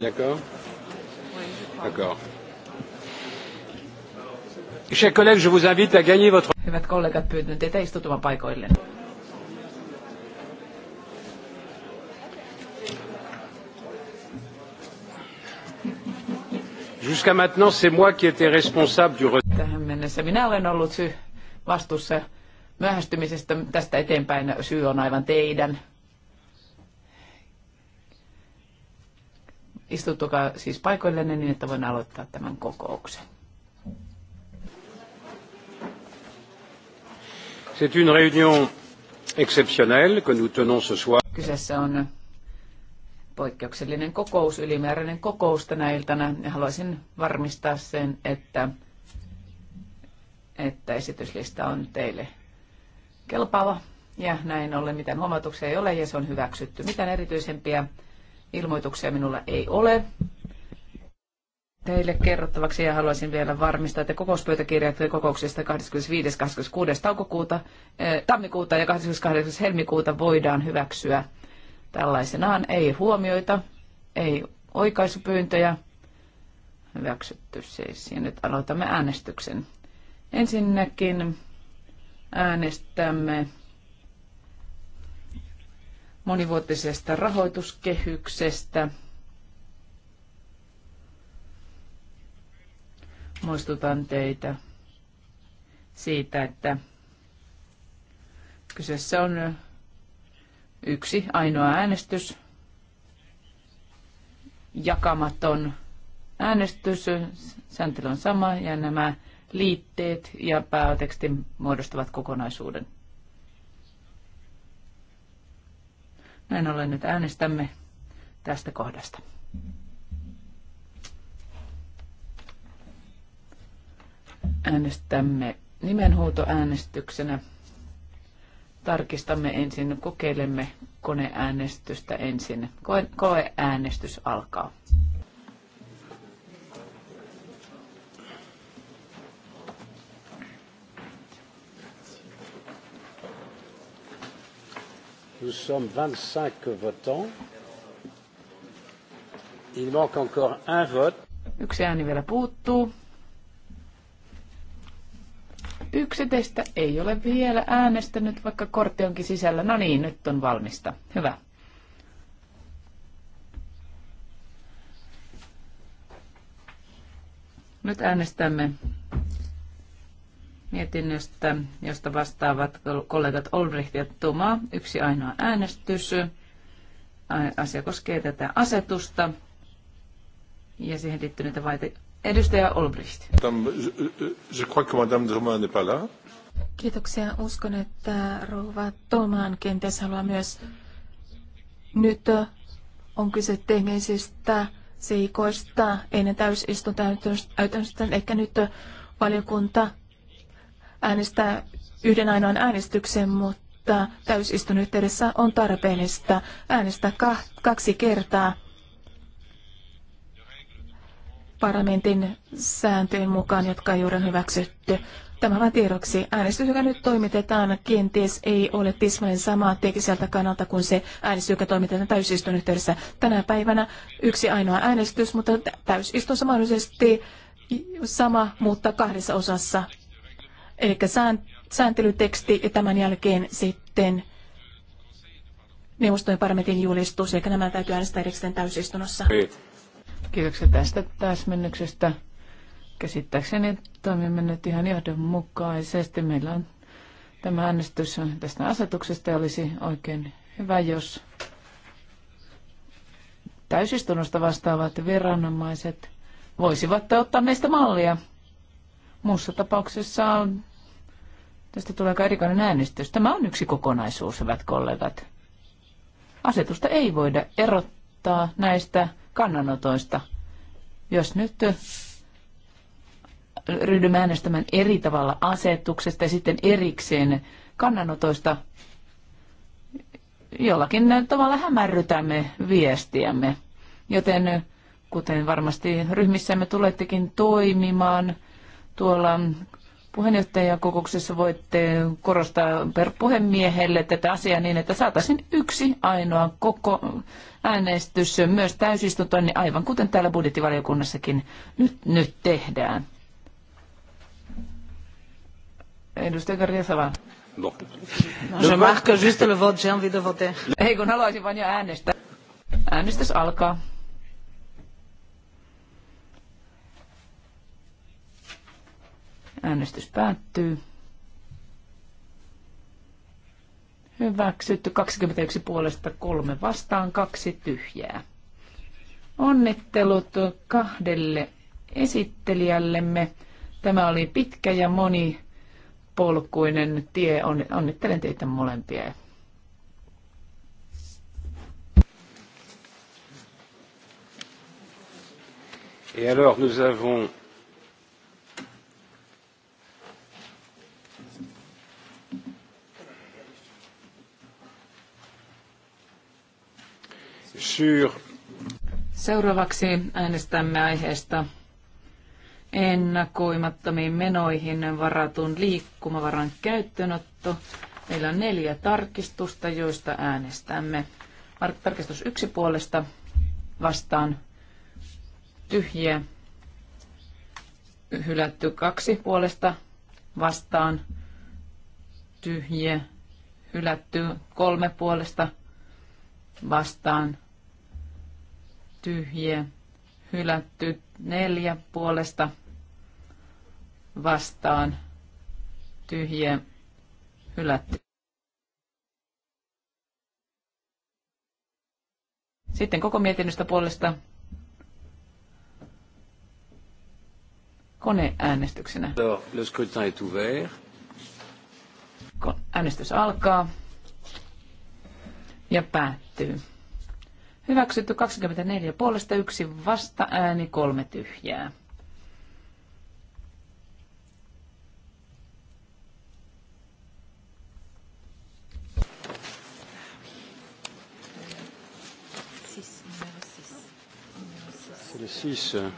D'accord D'accord. Chers collègues, je vous invite à gagner votre... Hyvät kollegat, pyydän teitä istutumaan paikoille. Jusqu'à maintenant, c'est moi qui étais responsable du... Tähän mennessä minä olen ollut syy vastuussa myöhästymisestä. Tästä eteenpäin syy on aivan teidän. Istuttukaa siis paikoillenne niin, että voin aloittaa tämän kokouksen. C'est une réunion exceptionnelle que nous tenons ce soir. Kyseessä on poikkeuksellinen kokous, ylimääräinen kokous tänä iltana. Ja haluaisin varmistaa sen, että, että esityslista on teille kelpaava. Ja näin ollen mitään huomautuksia ei ole ja se on hyväksytty. Mitään erityisempiä Ilmoituksia minulla ei ole teille kerrottavaksi ja haluaisin vielä varmistaa, että kokouspöytäkirjat kokouksista 25. 26. Taukokuuta, tammikuuta ja 28. helmikuuta voidaan hyväksyä tällaisenaan. Ei huomioita, ei oikaisupyyntöjä. Hyväksytty siis. Ja nyt aloitamme äänestyksen. Ensinnäkin äänestämme monivuotisesta rahoituskehyksestä. Muistutan teitä siitä, että kyseessä on yksi ainoa äänestys, jakamaton äänestys, sääntely on sama ja nämä liitteet ja päätekstin muodostavat kokonaisuuden. Näin ollen nyt äänestämme tästä kohdasta. Äänestämme nimenhuutoäänestyksenä. Tarkistamme ensin, kokeilemme koneäänestystä ensin. Koe, koeäänestys alkaa. Nous sommes 25 votants. Il manque encore un vote. Yksi ääni vielä puuttuu. Yksi teistä ei ole vielä äänestänyt, vaikka kortti onkin sisällä. No niin, nyt on valmista. Hyvä. Nyt äänestämme mietinnöstä, josta vastaavat kollegat Olbricht ja Toma. Yksi ainoa äänestys. Asia koskee tätä asetusta ja siihen liittyneitä vaite. Edustaja Olbricht. Kiitoksia. Uskon, että rouva Tomaan kenties haluaa myös nyt on kyse teknisistä seikoista ennen täysistuntoa, ehkä nyt valiokunta äänestää yhden ainoan äänestyksen, mutta täysistun yhteydessä on tarpeellista äänestää kaksi kertaa parlamentin sääntöjen mukaan, jotka on juuri hyväksytty. Tämä vain tiedoksi. Äänestys, joka nyt toimitetaan, kenties ei ole tismalleen samaa tekiseltä kannalta kuin se äänestys, joka toimitetaan täysistun yhteydessä. Tänä päivänä yksi ainoa äänestys, mutta täysistunsa mahdollisesti sama, mutta kahdessa osassa. Eli sääntelyteksti ja tämän jälkeen sitten neuvostojen parlamentin julistus, eli nämä täytyy äänestää erikseen täysistunnossa. Kiitoksia tästä täsmennyksestä. Käsittääkseni toimimme nyt ihan johdonmukaisesti. Meillä on tämä äänestys tästä asetuksesta ja olisi oikein hyvä, jos täysistunnosta vastaavat viranomaiset voisivat ottaa meistä mallia. Muussa tapauksessa tästä tulee aika erikoinen äänestys. Tämä on yksi kokonaisuus, hyvät kollegat. Asetusta ei voida erottaa näistä kannanotoista. Jos nyt äh, ryhdymme äänestämään eri tavalla asetuksesta ja sitten erikseen kannanotoista, jollakin tavalla hämärrytämme viestiämme. Joten äh, kuten varmasti ryhmissämme tulettekin toimimaan – tuolla puheenjohtajakokouksessa voitte korostaa per puhemiehelle tätä asiaa niin, että saataisiin yksi ainoa koko äänestys myös täysistuntoon, niin aivan kuten täällä budjettivaliokunnassakin nyt, nyt tehdään. Edustaja Karjasala. No. no je No, juste le vote, j'ai envie de Ei kun haluaisin vain jo äänestää. Äänestys alkaa. Äänestys päättyy. Hyväksytty 21 puolesta kolme vastaan, kaksi tyhjää. Onnittelut kahdelle esittelijällemme. Tämä oli pitkä ja monipolkuinen tie. Onnittelen teitä molempia. Et alors nous avons Seuraavaksi äänestämme aiheesta ennakoimattomiin menoihin varatun liikkumavaran käyttöönotto. Meillä on neljä tarkistusta, joista äänestämme. Tarkistus yksi puolesta vastaan tyhjiä. Hylätty kaksi puolesta vastaan tyhjiä. Hylätty kolme puolesta vastaan tyhjiä, hylätty neljä puolesta vastaan, tyhjiä, hylätty. Sitten koko mietinnöstä puolesta koneäänestyksenä. Le scrutin est ouvert. Äänestys alkaa ja päättyy. Hyväksytty 24 puolesta, yksi vasta ääni, kolme tyhjää. le euh.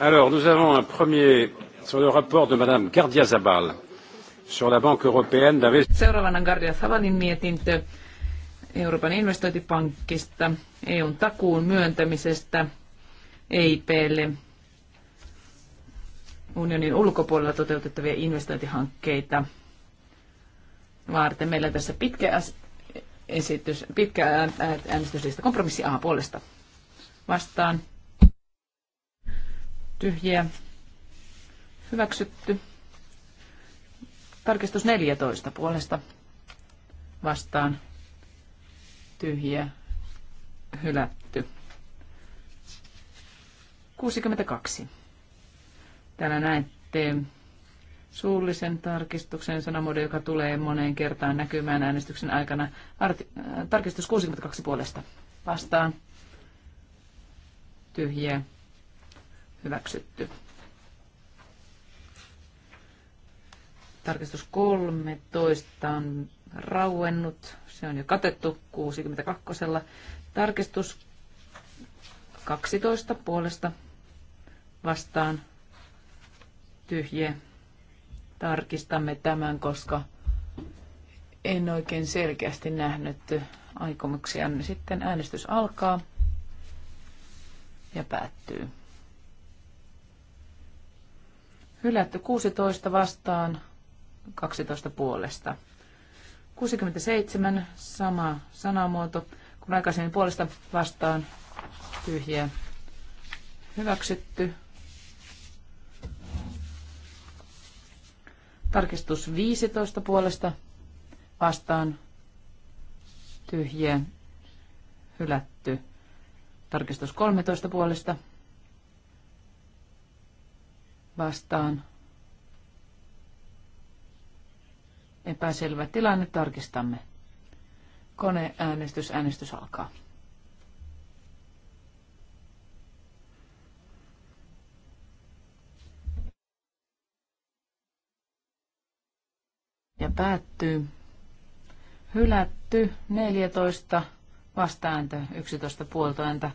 Alors, nous avons un premier sur le rapport de Madame Gardia Zabal sur la Banque européenne Seuraavana Gardia Savanin mietintö Euroopan investointipankista, EUn takuun myöntämisestä EIPlle unionin ulkopuolella toteutettavia investointihankkeita varten. Meillä on tässä pitkä esitys, pitkä äänestyslista kompromissi A puolesta vastaan. Tyhjiä. Hyväksytty. Tarkistus 14 puolesta vastaan tyhjiä hylätty. 62. Täällä näette suullisen tarkistuksen sanamuodon, joka tulee moneen kertaan näkymään äänestyksen aikana. Arti, äh, tarkistus 62 puolesta vastaan tyhjiä hyväksytty. Tarkistus 13 on rauennut. Se on jo katettu 62. Tarkistus 12 puolesta vastaan tyhje. Tarkistamme tämän, koska en oikein selkeästi nähnyt aikomuksia. Niin sitten äänestys alkaa ja päättyy. Hylätty 16 vastaan, 12 puolesta. 67, sama sanamuoto kun aikaisemmin puolesta vastaan. Tyhjiä. Hyväksytty. Tarkistus 15 puolesta vastaan. Tyhjiä. Hylätty. Tarkistus 13 puolesta vastaan Epäselvä tilanne, tarkistamme. Koneäänestys, äänestys alkaa. Ja päättyy. Hylätty 14 vastaääntö 11 puoltoääntä.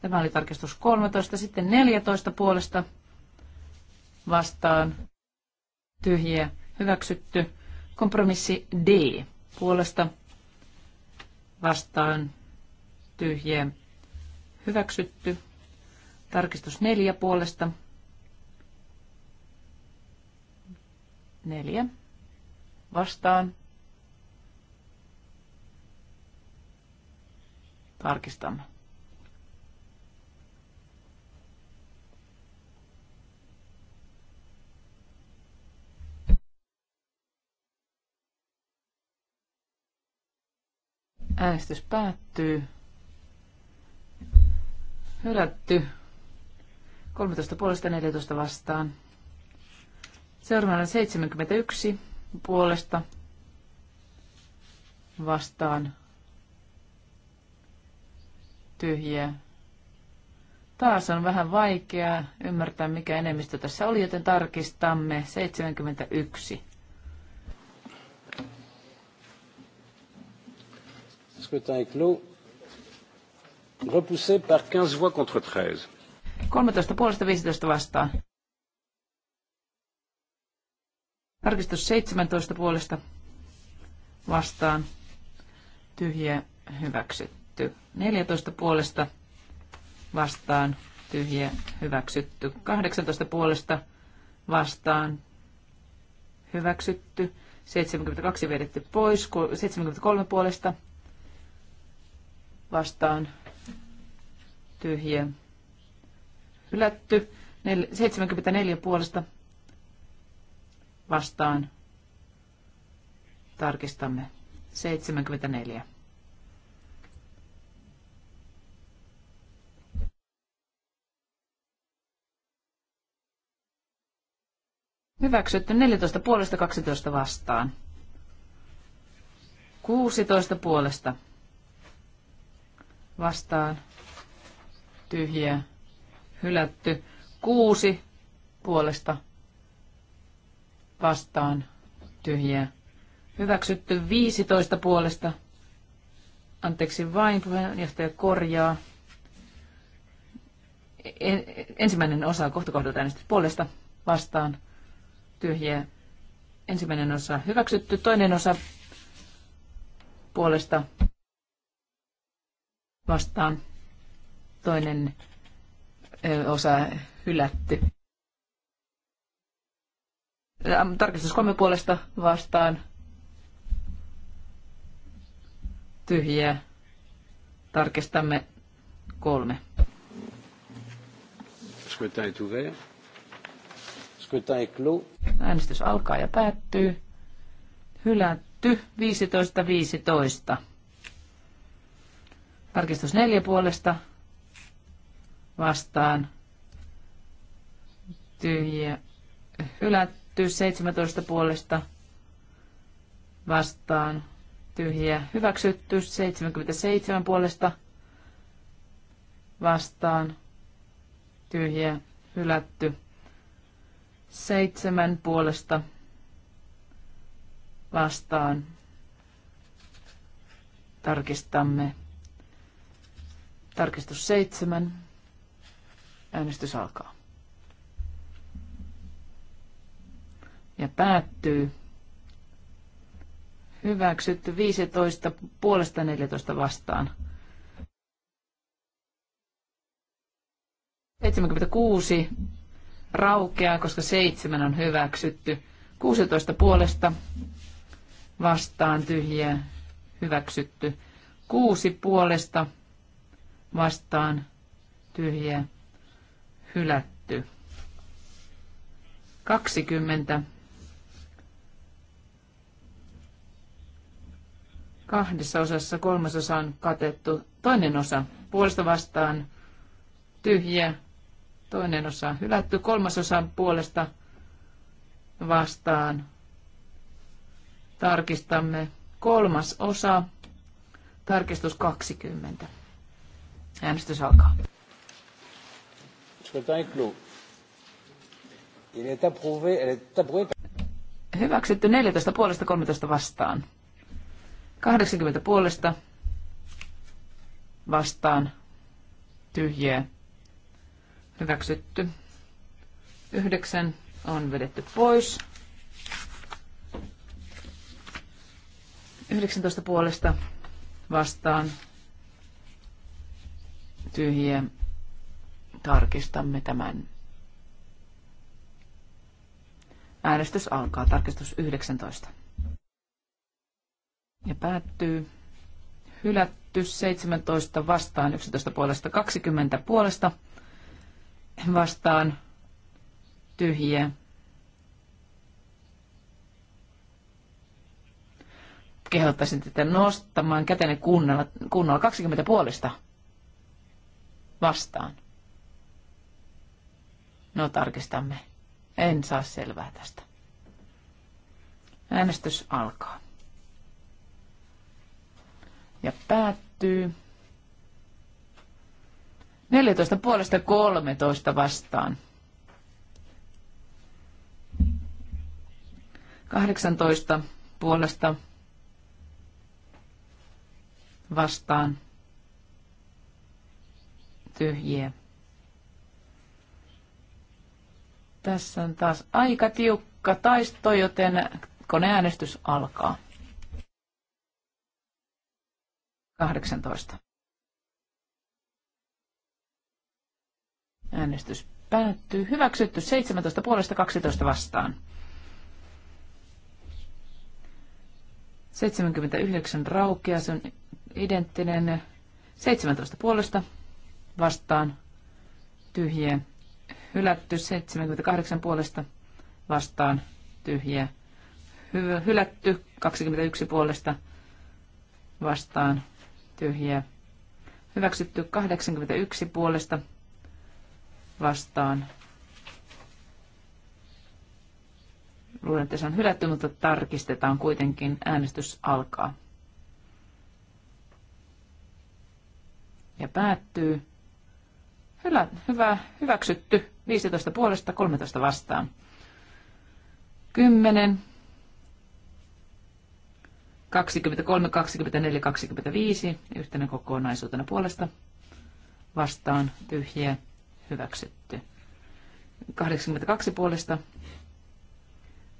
Tämä oli tarkistus 13, sitten 14 puolesta vastaan tyhjiä hyväksytty. Kompromissi D puolesta vastaan tyhjä hyväksytty. Tarkistus 4 puolesta. 4 vastaan. Tarkistamme. Äänestys päättyy. Hylätty. 13 puolesta 14 vastaan. Seuraavana 71 puolesta vastaan tyhjiä. Taas on vähän vaikeaa ymmärtää, mikä enemmistö tässä oli, joten tarkistamme 71. Scrutin est clos. Repoussé par 15 voix contre 13. 13 puolesta 15 vastaan. Tarkistus 17 puolesta vastaan. Tyhjä hyväksytty. 14 puolesta vastaan. Tyhjä hyväksytty. 18 puolesta vastaan. Hyväksytty. 72 vedetty pois. 73 puolesta vastaan tyhjiä hylätty. 74 puolesta vastaan tarkistamme 74. Hyväksytty 14 puolesta 12 vastaan. 16 puolesta vastaan tyhjiä hylätty. Kuusi puolesta vastaan tyhjiä hyväksytty. 15 puolesta anteeksi vain, puheenjohtaja korjaa. Ensimmäinen osa kohtakohdalta äänestys puolesta vastaan tyhjiä. Ensimmäinen osa hyväksytty, toinen osa puolesta vastaan. Toinen osa hylätty. Ähm, tarkistus kolme puolesta vastaan. tyhjää. Tarkistamme kolme. Scrutin est ouvert. Scrutin est clos. Äänestys alkaa ja päättyy. Hylätty 15.15. 15. Tarkistus neljä puolesta vastaan tyhjä hylätty. 17 puolesta vastaan Tyhjä hyväksytty. 77 puolesta vastaan tyhjä hylätty. 7 puolesta vastaan tarkistamme Tarkistus seitsemän. Äänestys alkaa. Ja päättyy. Hyväksytty 15 puolesta 14 vastaan. 76 raukeaa, koska 7 on hyväksytty. 16 puolesta vastaan tyhjiä hyväksytty. 6 puolesta vastaan tyhjä hylätty. 20 kahdessa osassa kolmasosa on katettu. Toinen osa puolesta vastaan tyhjä, toinen osa hylätty, kolmas osa puolesta vastaan. Tarkistamme kolmas osa, tarkistus 20. Äänestys alkaa. Hyväksytty 14 puolesta 13 vastaan. 80 puolesta vastaan tyhjää. Hyväksytty. 9 on vedetty pois. 19 puolesta vastaan tyhjiä. Tarkistamme tämän. Äänestys alkaa. Tarkistus 19. Ja päättyy. Hylätty 17 vastaan, 11 puolesta, 20 puolesta vastaan, tyhjiä. Kehottaisin tätä nostamaan kätenne kunnolla, kunnolla 20 puolesta vastaan. No tarkistamme. En saa selvää tästä. Äänestys alkaa. Ja päättyy. 14 puolesta 13 vastaan. 18 puolesta vastaan tyhjiä. Tässä on taas aika tiukka taisto, joten koneäänestys alkaa. 18. Äänestys päättyy. Hyväksytty 17 puolesta 12 vastaan. 79 raukea, se on identtinen 17 puolesta vastaan tyhjiä hylätty. 78 puolesta vastaan tyhjiä hylätty. 21 puolesta vastaan tyhjiä hyväksytty. 81 puolesta vastaan Luulen, että se on hylätty, mutta tarkistetaan kuitenkin. Äänestys alkaa. Ja päättyy. Hyvä, hyvä, hyväksytty. 15 puolesta, 13 vastaan. 10, 23, 24, 25 yhtenä kokonaisuutena puolesta vastaan tyhjiä hyväksytty. 82 puolesta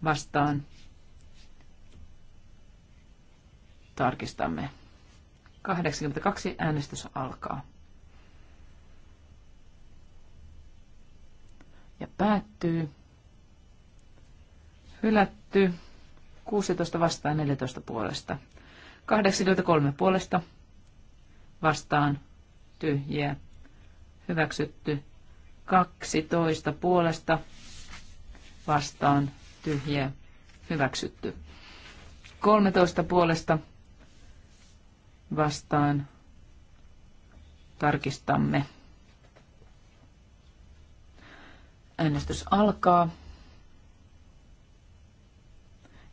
vastaan tarkistamme. 82 äänestys alkaa. ja päättyy. Hylätty 16 vastaan 14 puolesta. 83 puolesta vastaan tyhjiä. Hyväksytty 12 puolesta vastaan tyhjiä. Hyväksytty 13 puolesta vastaan tarkistamme. Äänestys alkaa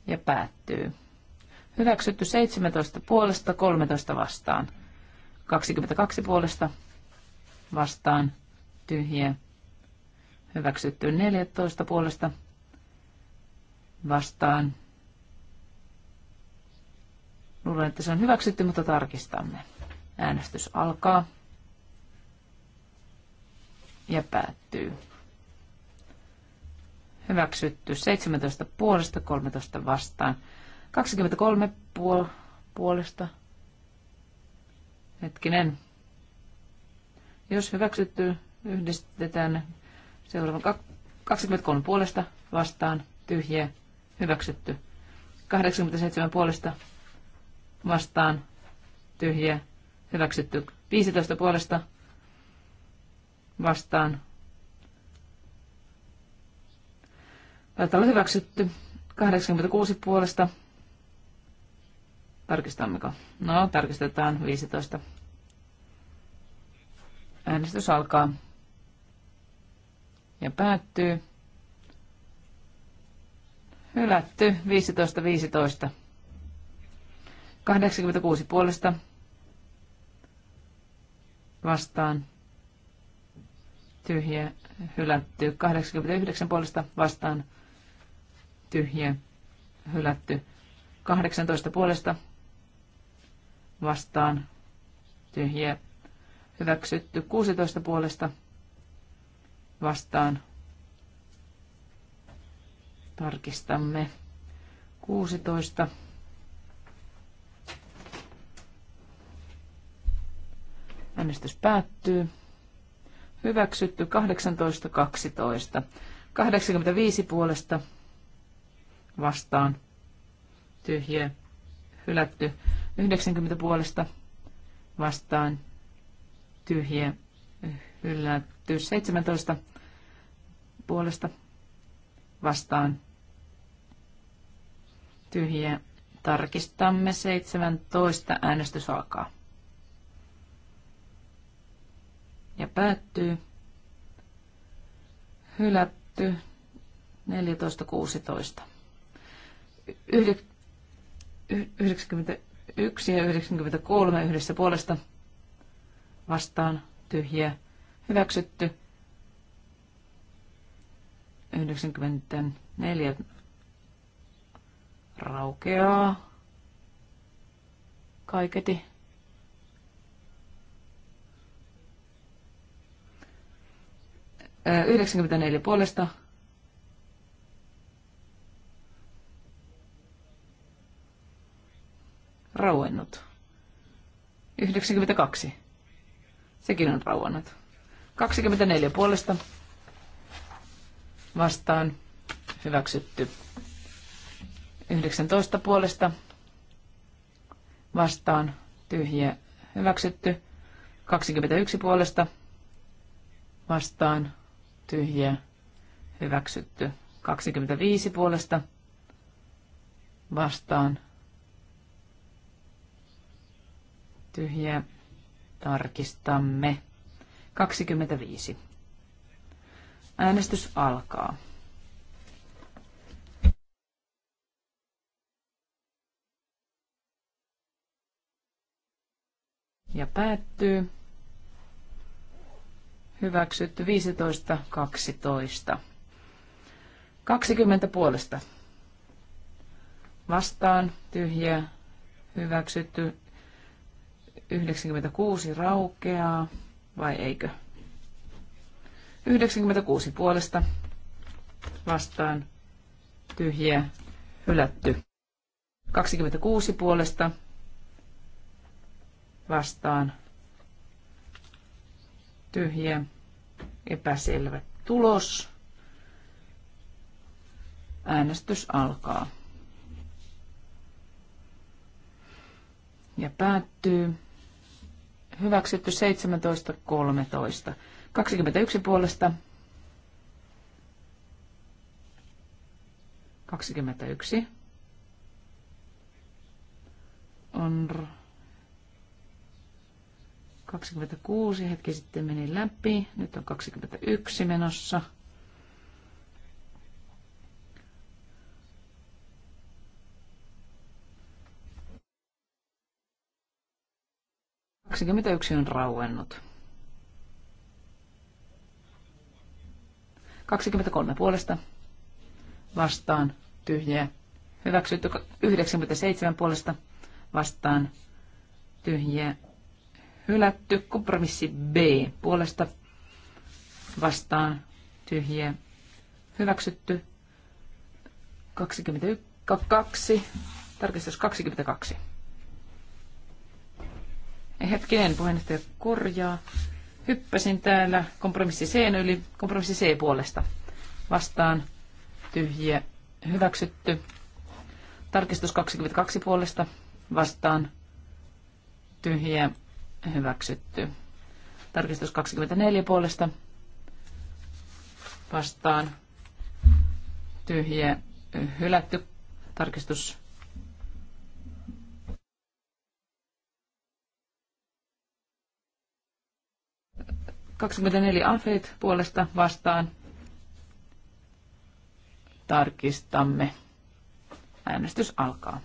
ja päättyy. Hyväksytty 17 puolesta, 13 vastaan. 22 puolesta vastaan, tyhjiä. Hyväksytty 14 puolesta vastaan. Luulen, että se on hyväksytty, mutta tarkistamme. Äänestys alkaa ja päättyy hyväksytty 17 puolesta, 13 vastaan. 23 puol- puolesta. Hetkinen. Jos hyväksytty, yhdistetään seuraava 23 puolesta vastaan, tyhjä, hyväksytty. 87 puolesta vastaan, tyhjä, hyväksytty. 15 puolesta vastaan, Taitaa olla hyväksytty. 86 puolesta. Tarkistammeko? No, tarkistetaan 15. Äänestys alkaa ja päättyy. Hylätty 15 15. 86 puolesta vastaan tyhjä hylätty. 89 puolesta vastaan tyhjä, hylätty. 18 puolesta vastaan, tyhjä, hyväksytty. 16 puolesta vastaan, tarkistamme. 16. Äänestys päättyy. Hyväksytty 18.12. 85 puolesta vastaan Tyhjä, hylätty. 90 puolesta vastaan Tyhjä, hylätty. 17 puolesta vastaan Tyhjä. Tarkistamme 17. Äänestys alkaa. Ja päättyy. Hylätty 14.16. 91 ja 93 yhdessä puolesta vastaan tyhjiä hyväksytty. 94 raukeaa kaiketi. Ö, 94 puolesta rauennut. 92. Sekin on rauennut. 24 puolesta vastaan hyväksytty. 19 puolesta vastaan tyhjä hyväksytty. 21 puolesta vastaan tyhjä hyväksytty. 25 puolesta vastaan tyhjä, Tarkistamme. 25. Äänestys alkaa. Ja päättyy. Hyväksytty 15, 12. 20 puolesta. Vastaan tyhjä. Hyväksytty 96 raukeaa, vai eikö? 96 puolesta vastaan tyhjiä hylätty. 26 puolesta vastaan tyhjiä epäselvä tulos. Äänestys alkaa. Ja päättyy hyväksytty 17.13. 21 puolesta 21 on 26, hetki sitten meni läpi, nyt on 21 menossa. 21 on rauennut. 23 puolesta vastaan tyhjää. Hyväksytty 97 puolesta vastaan tyhjää. Hylätty kompromissi B puolesta vastaan tyhjää. Hyväksytty 22, tarkistus 22 Hetkinen, puheenjohtaja korjaa. Hyppäsin täällä kompromissi C no yli kompromissi C puolesta. Vastaan tyhjä, hyväksytty. Tarkistus 22 puolesta vastaan tyhjä, hyväksytty. Tarkistus 24 puolesta vastaan tyhjä, hylätty. Tarkistus 24 afeet puolesta vastaan. Tarkistamme. Äänestys alkaa.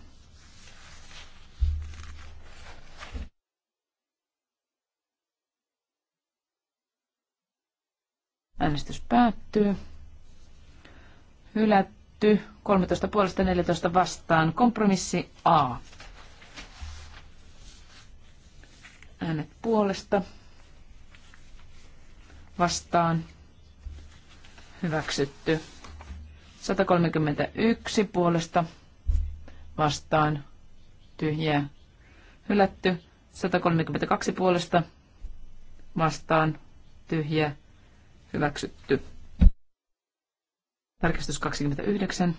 Äänestys päättyy. Hylätty. 13 puolesta 14 vastaan. Kompromissi A. Äänet puolesta vastaan hyväksytty. 131 puolesta vastaan tyhjää hylätty. 132 puolesta vastaan tyhjä hyväksytty. Tarkistus 29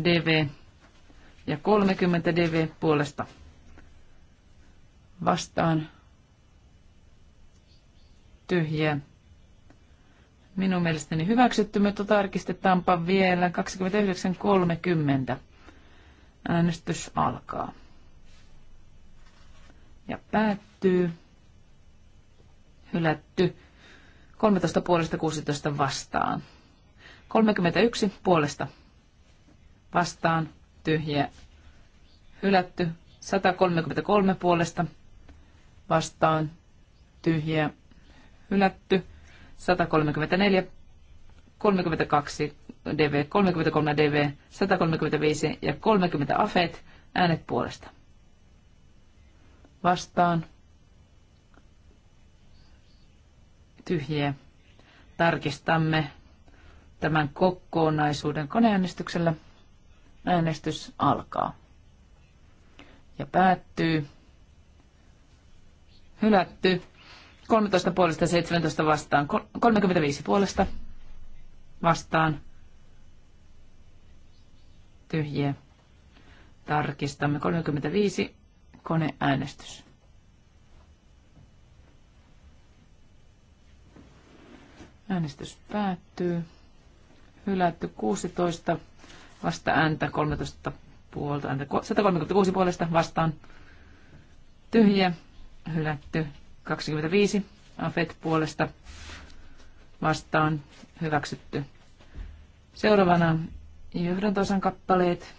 DV ja 30 DV puolesta vastaan tyhjiä. Minun mielestäni hyväksytty, mutta tarkistetaanpa vielä 29.30. Äänestys alkaa. Ja päättyy. Hylätty. 13 puolesta 16 vastaan. 31 puolesta vastaan. Tyhjä. Hylätty. 133 puolesta vastaan. Tyhjä hylätty. 134, 32 DV, 33 DV, 135 ja 30 AFET äänet puolesta. Vastaan. Tyhjiä. Tarkistamme tämän kokonaisuuden koneäänestyksellä. Äänestys alkaa ja päättyy. Hylätty. 13 puolesta 17 vastaan. 35 puolesta vastaan. Tyhjiä. Tarkistamme 35 koneäänestys. Äänestys päättyy. Hylätty 16 vasta ääntä 13 puolta ääntä 136 puolesta vastaan. Tyhjä, hylätty 25 AFET puolesta vastaan hyväksytty. Seuraavana johdantosan kappaleet.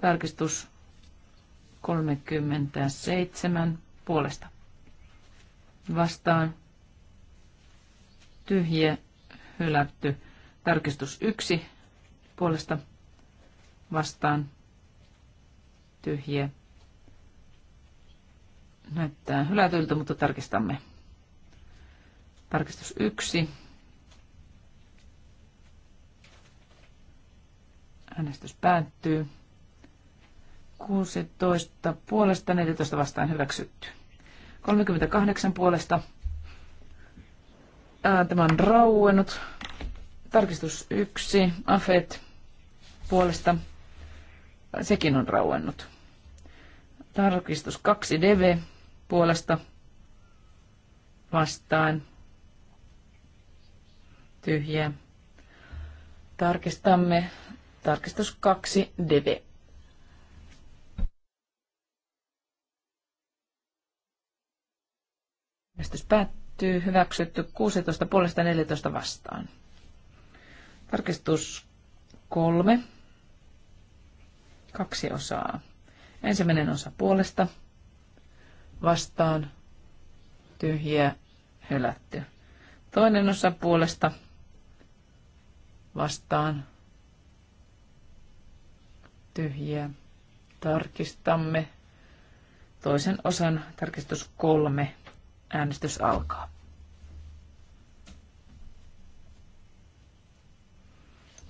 Tarkistus 37 puolesta. Vastaan tyhjä hylätty. Tarkistus 1 puolesta vastaan tyhjä Näyttää hylätyltä, mutta tarkistamme. Tarkistus 1. Äänestys päättyy. 16 puolesta, 14 vastaan hyväksytty. 38 puolesta. tämä on rauennut. Tarkistus 1. Afet puolesta. Sekin on rauennut. Tarkistus 2. DV puolesta vastaan tyhjä. Tarkistamme tarkistus 2 DB. Äänestys päättyy. Hyväksytty 16 puolesta 14 vastaan. Tarkistus 3. Kaksi osaa. Ensimmäinen osa puolesta vastaan tyhjiä hylätty. Toinen osa puolesta vastaan tyhjiä. Tarkistamme toisen osan tarkistus kolme. Äänestys alkaa.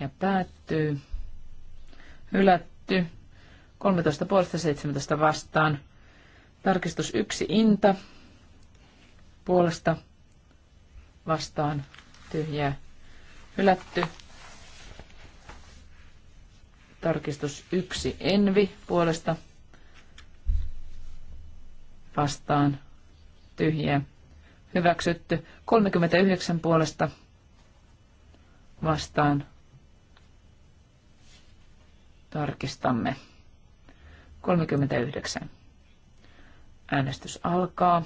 Ja päättyy. Hylätty. 13 puolesta 17 vastaan. Tarkistus yksi inta puolesta vastaan tyhjää hylätty. Tarkistus yksi envi puolesta vastaan tyhjää hyväksytty. 39 puolesta vastaan tarkistamme. 39. Äänestys alkaa.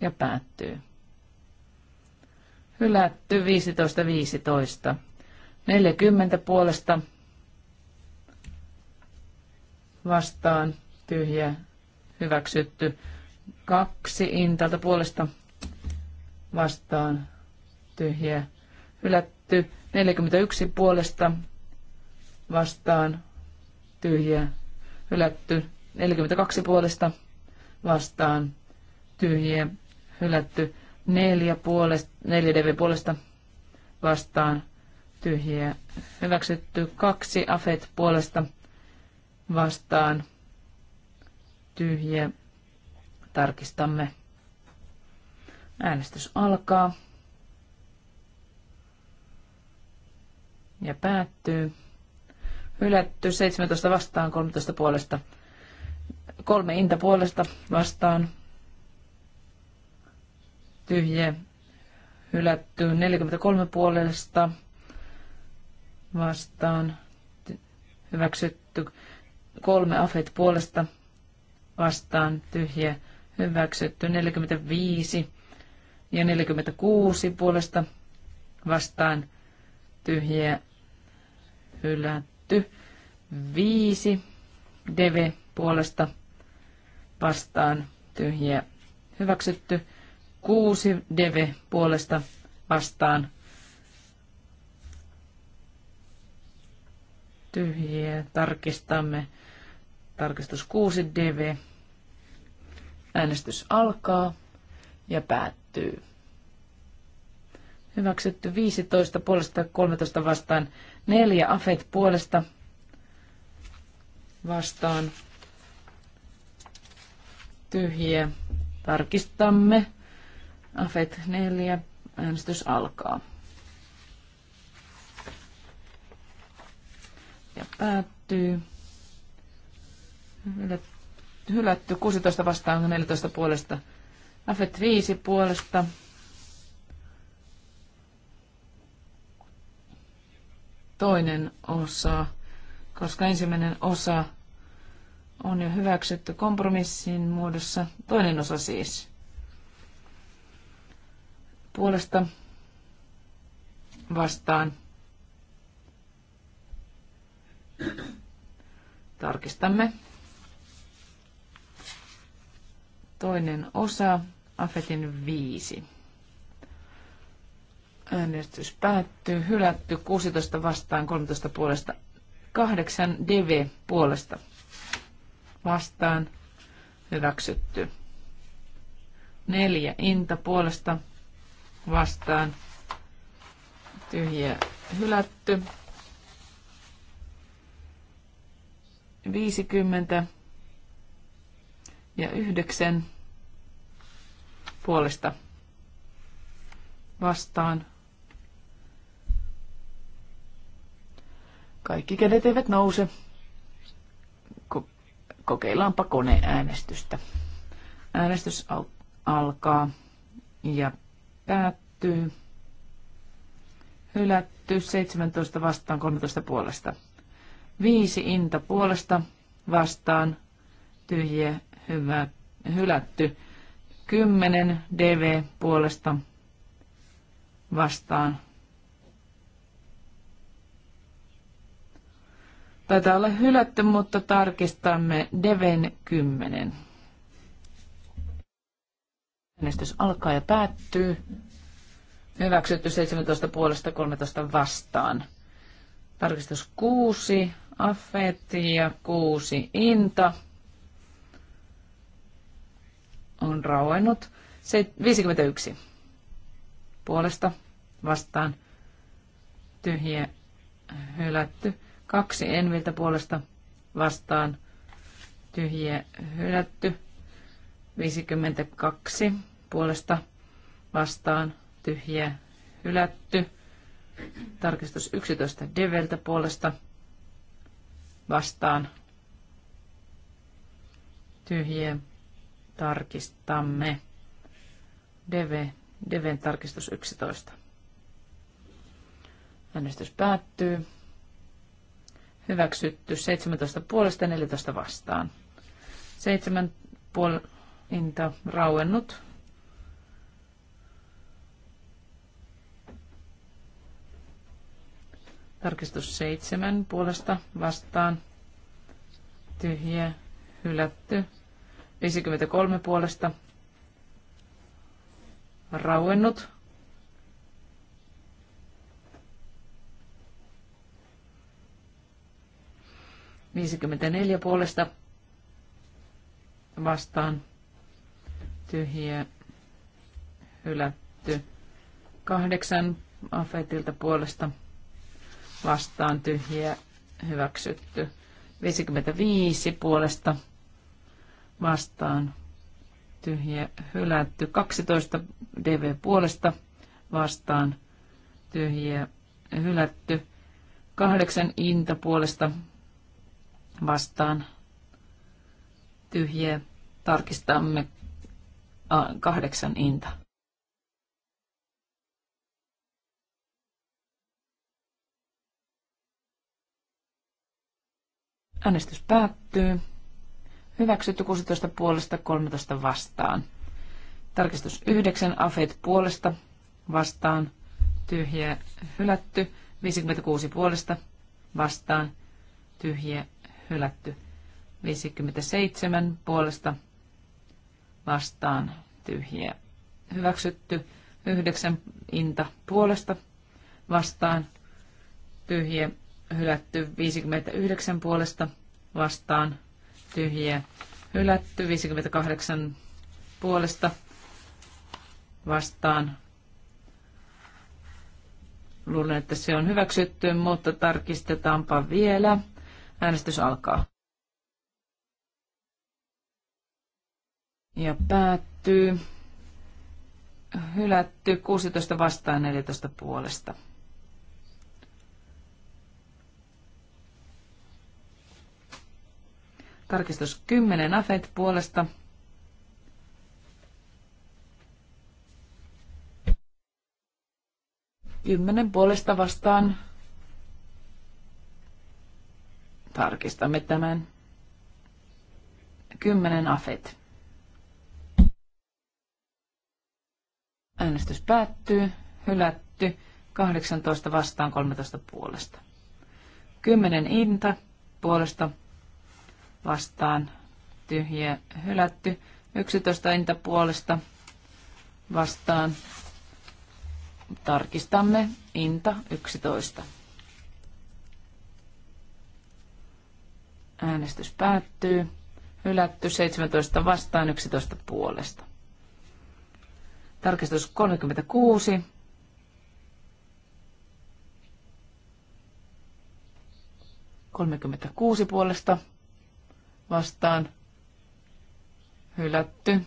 Ja päättyy. Hylätty 15.15. 40 puolesta vastaan tyhjä hyväksytty. Kaksi intalta puolesta vastaan tyhjä hylätty. 41 puolesta vastaan tyhjiä, hylätty. 42 puolesta vastaan, tyhjiä, hylätty. 4 puolesta, 4 DV puolesta vastaan, tyhjiä, hyväksytty. 2 AFET puolesta vastaan, tyhjiä, tarkistamme. Äänestys alkaa ja päättyy hylätty 17 vastaan, 13 puolesta. Kolme inta puolesta vastaan. Tyhjä hylätty 43 puolesta vastaan. Hyväksytty kolme afet puolesta vastaan. Tyhjä hyväksytty 45 ja 46 puolesta vastaan. Tyhjä hylätty hylätty. viisi DV puolesta vastaan tyhjiä hyväksytty. kuusi DV puolesta vastaan tyhjiä. Tarkistamme. Tarkistus 6 DV. Äänestys alkaa ja päättyy. Hyväksytty 15 puolesta 13 vastaan Neljä afet puolesta vastaan tyhjiä. Tarkistamme. Afet 4. Äänestys alkaa. Ja päättyy. Hylätty 16 vastaan 14 puolesta. Afet 5 puolesta toinen osa, koska ensimmäinen osa on jo hyväksytty kompromissin muodossa, toinen osa siis. Puolesta vastaan. Tarkistamme. Toinen osa, Afetin viisi. Äänestys päättyy. Hylätty 16 vastaan 13 puolesta. 8 DV puolesta vastaan hyväksytty. 4 Inta puolesta vastaan tyhjä hylätty. 50 ja 9 puolesta vastaan Kaikki kädet eivät nouse. Ko- kokeillaanpa koneäänestystä. Äänestys al- alkaa ja päättyy. Hylätty 17 vastaan 13 puolesta. Viisi inta puolesta vastaan tyhjä hyvä, hylätty. 10 DV puolesta vastaan Taitaa olla hylätty, mutta tarkistamme Deven 10. Äänestys alkaa ja päättyy. Hyväksytty 17 puolesta 13 vastaan. Tarkistus 6, Affet ja 6, Inta. On rauennut. 51 puolesta vastaan. Tyhjä hylätty. Kaksi Enviltä puolesta vastaan tyhjiä hylätty. 52 puolesta vastaan tyhjiä hylätty. Tarkistus 11 Develtä puolesta vastaan tyhjiä tarkistamme. Deve, Deven tarkistus 11. Äänestys päättyy hyväksytty 17 puolesta 14 vastaan. 7 puolinta rauennut. Tarkistus 7 puolesta vastaan. Tyhjä, hylätty. 53 puolesta rauennut. 54 puolesta vastaan tyhjiä hylätty. 8 Afetilta puolesta vastaan tyhjiä hyväksytty. 55 puolesta vastaan tyhjiä hylätty. 12 DV puolesta vastaan tyhjiä hylätty. 8 Inta puolesta vastaan tyhjiä. Tarkistamme a, äh, kahdeksan inta. Äänestys päättyy. Hyväksytty 16 puolesta 13 vastaan. Tarkistus 9. Afeet puolesta vastaan. Tyhjä hylätty. 56 puolesta vastaan. Tyhjä hylätty. 57 puolesta vastaan tyhjiä hyväksytty. 9 inta puolesta vastaan tyhjiä hylätty. 59 puolesta vastaan tyhjiä hylätty. 58 puolesta vastaan Luulen, että se on hyväksytty, mutta tarkistetaanpa vielä. Äänestys alkaa. Ja päättyy. Hylätty 16 vastaan 14 puolesta. Tarkistus 10 AFET puolesta. Kymmenen puolesta vastaan Tarkistamme tämän. Kymmenen afet. Äänestys päättyy. Hylätty. 18 vastaan 13 puolesta. 10 inta puolesta vastaan tyhjä hylätty. 11 inta puolesta vastaan. Tarkistamme inta 11. Äänestys päättyy. Hylätty 17 vastaan 11 puolesta. Tarkistus 36. Kolmekymmentä kuusi puolesta vastaan hylätty.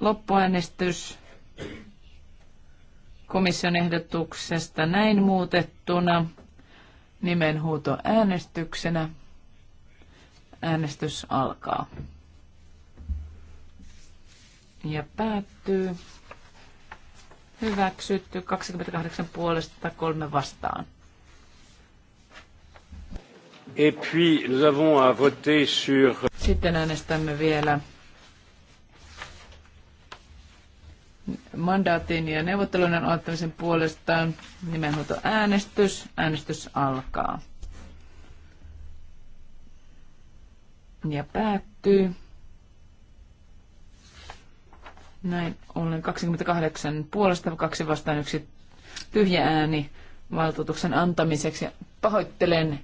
Loppuäänestys komission ehdotuksesta näin muutettuna nimenhuuto äänestyksenä. Äänestys alkaa. Ja päättyy. Hyväksytty 28 puolesta kolme vastaan. Et puis nous avons à voter sur... Sitten äänestämme vielä mandaatin ja neuvottelujen aloittamisen puolesta nimenhuuto äänestys. Äänestys alkaa. Ja päättyy. Näin ollen 28 puolesta, kaksi vastaan yksi tyhjä ääni valtuutuksen antamiseksi. Pahoittelen,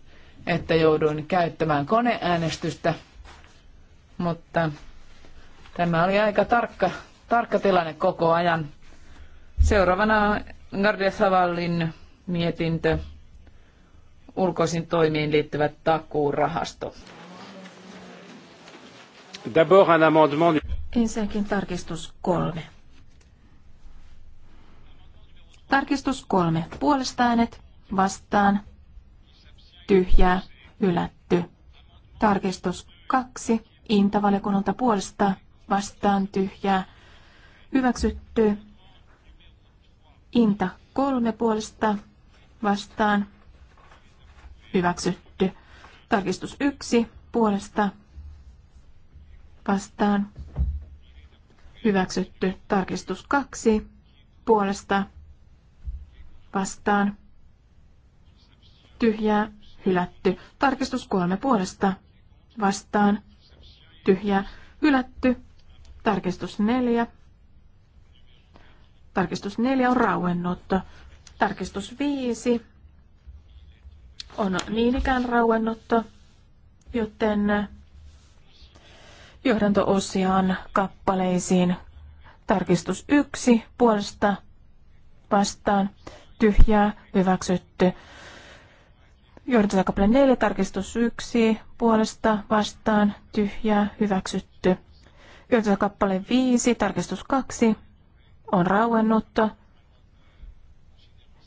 että jouduin käyttämään koneäänestystä, mutta tämä oli aika tarkka tarkka tilanne koko ajan. Seuraavana Gardia Savallin mietintö ulkoisin toimiin liittyvät takuurahasto. Ensinnäkin tarkistus kolme. Tarkistus kolme. Puolesta äänet, vastaan, tyhjää, hylätty. Tarkistus kaksi. Intavaliokunnalta puolesta, vastaan, tyhjää, Hyväksytty. Inta kolme puolesta vastaan. Hyväksytty. Tarkistus yksi puolesta vastaan. Hyväksytty. Tarkistus kaksi puolesta vastaan. Tyhjää. Hylätty. Tarkistus kolme puolesta vastaan. Tyhjää. Hylätty. Tarkistus neljä Tarkistus 4 on rauennotto. Tarkistus 5 on niin ikään rauennotto, joten johdanto-osiaan kappaleisiin tarkistus 1 puolesta vastaan tyhjää hyväksytty. kappale 4 tarkistus 1 puolesta vastaan tyhjää hyväksytty. kappale 5 tarkistus 2 on rauennutta.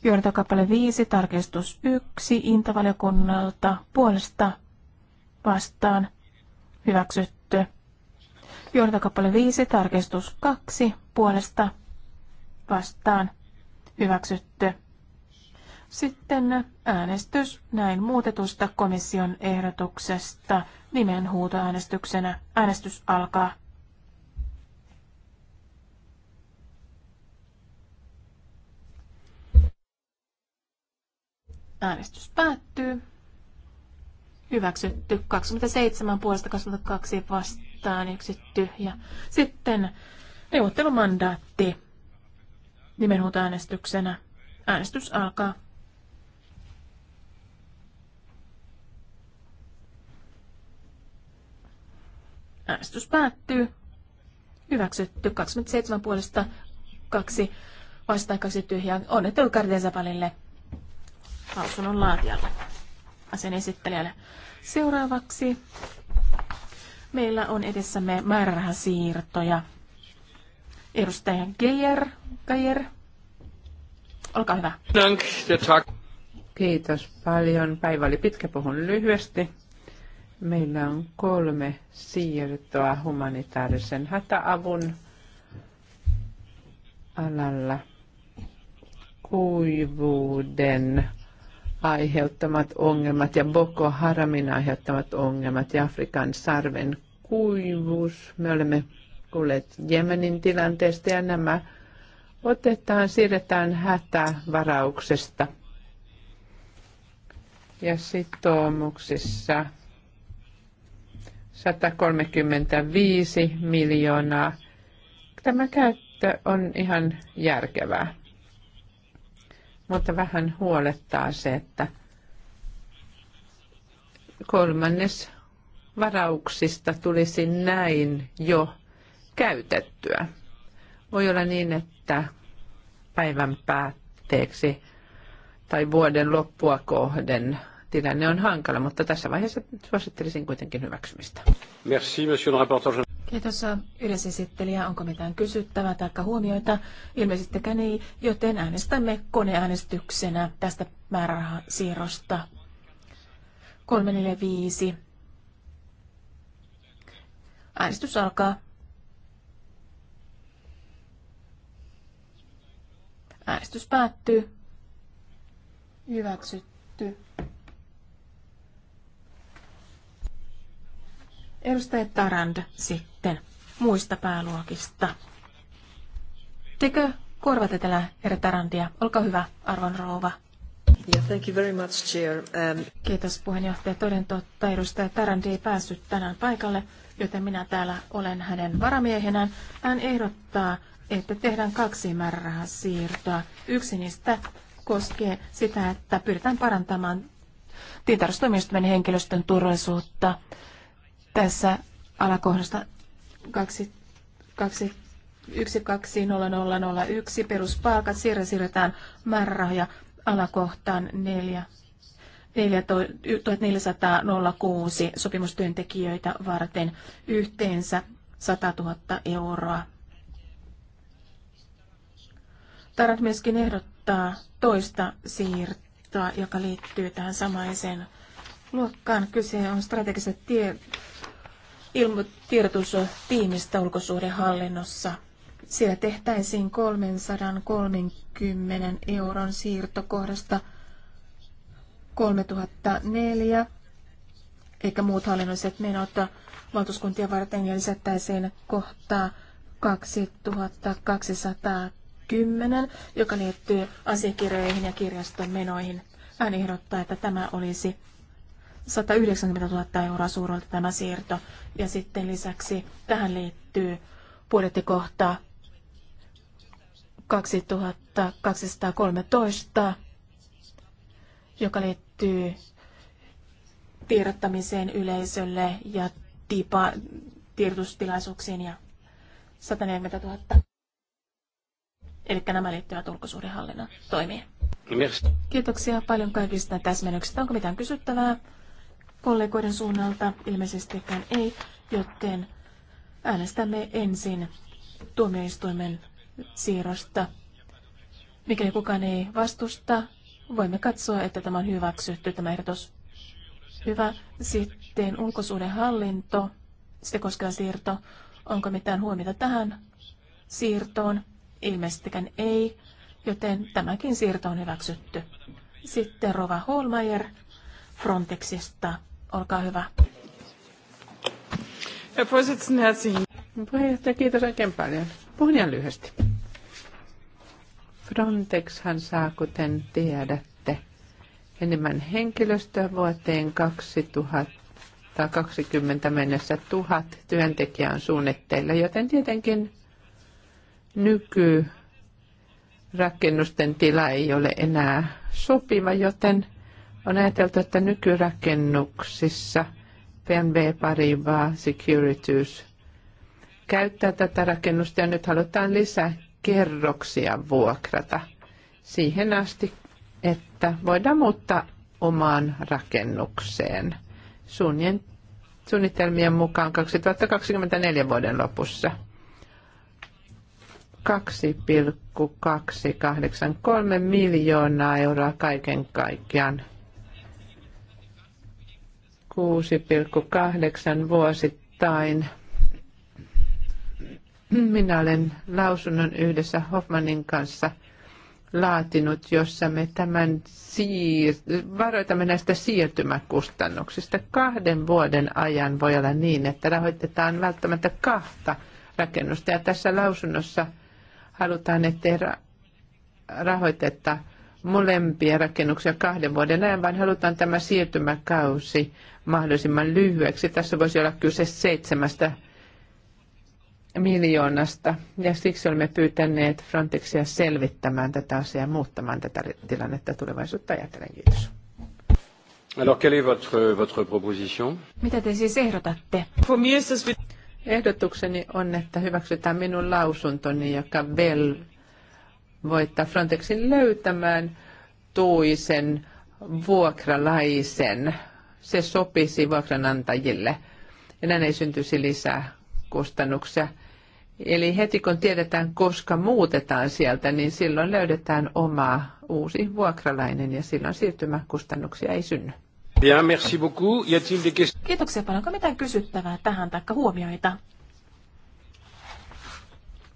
Juontokappale 5, tarkistus 1, intavaliokunnalta puolesta vastaan hyväksytty. Juontokappale 5, tarkistus 2, puolesta vastaan hyväksytty. Sitten äänestys näin muutetusta komission ehdotuksesta nimenhuutoäänestyksenä. Äänestys alkaa. Äänestys päättyy. Hyväksytty. 27 puolesta 22 vastaan. Yksi tyhjä. Sitten neuvottelumandaatti nimenhuutoäänestyksenä. Äänestys alkaa. Äänestys päättyy. Hyväksytty 27 puolesta 2 vastaan 2 tyhjää. Onnettelu Kartensa välille lausunnon laatijalle, Sen esittelijälle. Seuraavaksi meillä on edessämme määrärahasiirtoja. Edustaja Geier, Geier, olkaa hyvä. Kiitos paljon. Päivä oli pitkä, puhun lyhyesti. Meillä on kolme siirtoa humanitaarisen hätäavun alalla kuivuuden aiheuttamat ongelmat ja Boko Haramin aiheuttamat ongelmat ja Afrikan sarven kuivuus. Me olemme kuulleet Jemenin tilanteesta ja nämä otetaan, siirretään hätävarauksesta ja sitoumuksissa 135 miljoonaa. Tämä käyttö on ihan järkevää mutta vähän huolettaa se, että kolmannes varauksista tulisi näin jo käytettyä. Voi olla niin, että päivän päätteeksi tai vuoden loppua kohden tilanne on hankala, mutta tässä vaiheessa suosittelisin kuitenkin hyväksymistä. Merci, monsieur le rapporteur. Kiitos äh, yleisesittelijä. Onko mitään kysyttävää tai huomioita? Ilmeisestikään ei, joten äänestämme koneäänestyksenä tästä määrärahasiirrosta. 345. Äänestys alkaa. Äänestys päättyy. Hyväksytty. Edustaja Tarand sitten muista pääluokista. Tekö korvata tällä herra Tarandia? Olkaa hyvä, arvon rouva. Yeah, thank you very much, Chair. Um... Kiitos puheenjohtaja. Toden totta, edustaja Tarandi ei päässyt tänään paikalle, joten minä täällä olen hänen varamiehenään. Hän ehdottaa, että tehdään kaksi määrärahaa siirtoa. Yksi niistä koskee sitä, että pyritään parantamaan tietarustoimistuminen henkilöstön turvallisuutta tässä alakohdasta 2, 2, peruspalkat, siirre siirretään määrärahoja alakohtaan 4, 4 1406 sopimustyöntekijöitä varten yhteensä 100 000 euroa. Tarant myöskin ehdottaa toista siirtoa, joka liittyy tähän samaiseen luokkaan. Kyse on strategiset tie- tiedotustiimistä ulkosuhdehallinnossa. Siellä tehtäisiin 330 euron siirtokohdasta 3004, eikä muut hallinnolliset menot valtuuskuntia varten ja lisättäisiin kohtaa 2210, joka liittyy asiakirjoihin ja kirjaston menoihin. Hän ehdottaa, että tämä olisi 190 000 euroa suurelta tämä siirto. Ja sitten lisäksi tähän liittyy budjettikohta 2213, joka liittyy tiedottamiseen yleisölle ja tipa, tiedotustilaisuuksiin ja 140 000. Eli nämä liittyvät ulkosuhdehallinnan toimiin. Kiitoksia paljon kaikista täsmennyksistä. Onko mitään kysyttävää? kollegoiden suunnalta ilmeisestikään ei, joten äänestämme ensin tuomioistuimen siirrosta. Mikäli kukaan ei vastusta, voimme katsoa, että tämä on hyväksytty tämä ehdotus. Hyvä. Sitten hallinto, se koskeva siirto. Onko mitään huomiota tähän siirtoon? Ilmeisestikään ei, joten tämäkin siirto on hyväksytty. Sitten Rova Holmeier Frontexista. Olkaa hyvä. Puheenjohtaja, kiitos oikein paljon. Puhun ihan lyhyesti. Frontexhan saa, kuten tiedätte, enemmän henkilöstöä vuoteen 2020 mennessä. Tuhat työntekijää on suunnitteilla, joten tietenkin nykyrakennusten tila ei ole enää sopiva, joten on ajateltu, että nykyrakennuksissa PNB Paribas Securities käyttää tätä rakennusta ja nyt halutaan lisää kerroksia vuokrata siihen asti, että voidaan muuttaa omaan rakennukseen suunnitelmien mukaan 2024 vuoden lopussa. 2,283 miljoonaa euroa kaiken kaikkiaan 6,8 vuosittain. Minä olen lausunnon yhdessä Hoffmanin kanssa laatinut, jossa me tämän siir- varoitamme näistä siirtymäkustannuksista. Kahden vuoden ajan voi olla niin, että rahoitetaan välttämättä kahta rakennusta. Ja tässä lausunnossa halutaan, ettei ra- rahoitetta molempia rakennuksia kahden vuoden ajan, vaan halutaan tämä siirtymäkausi mahdollisimman lyhyeksi. Tässä voisi olla kyse seitsemästä miljoonasta, ja siksi olemme pyytäneet Frontexia selvittämään tätä asiaa ja muuttamaan tätä tilannetta tulevaisuutta ajatellen. Kiitos. Alors, quelle est votre, votre proposition? Mitä te siis ehdotatte? Ehdotukseni on, että hyväksytään minun lausuntoni, joka vel, voittaa Frontexin löytämään toisen vuokralaisen. Se sopisi vuokranantajille ja näin ei syntyisi lisää kustannuksia. Eli heti kun tiedetään, koska muutetaan sieltä, niin silloin löydetään oma uusi vuokralainen ja silloin siirtymäkustannuksia ei synny. Bien, merci beaucoup. Y a Kiitoksia paljon. Onko mitään kysyttävää tähän tai huomioita?